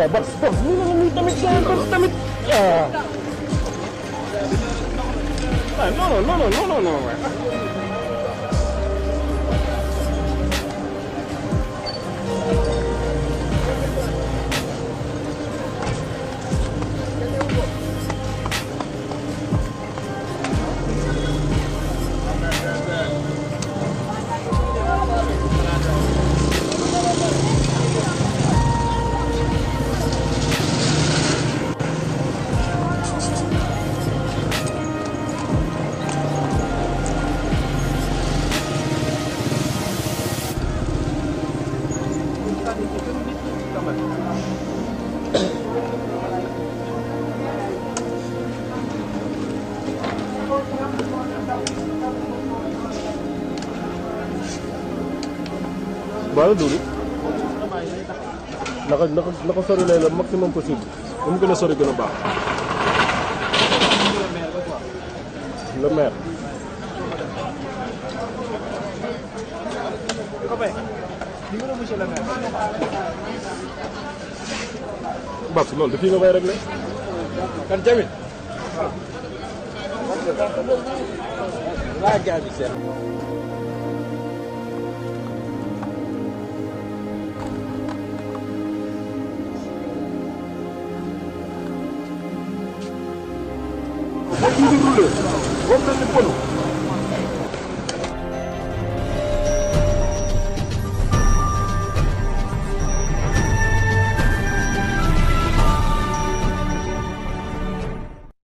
waaw Bart Bart ne nii tamit saa tamit ah waaw duuru naka naka naka sori lay la maximum possible bu gën a sori gën a baax le maire numéro monsieur le maire. Bas loolu daf ñu koy réglé. kan Jamil. waa Jamil Seck. moom mu ngi roulé. moom la ñu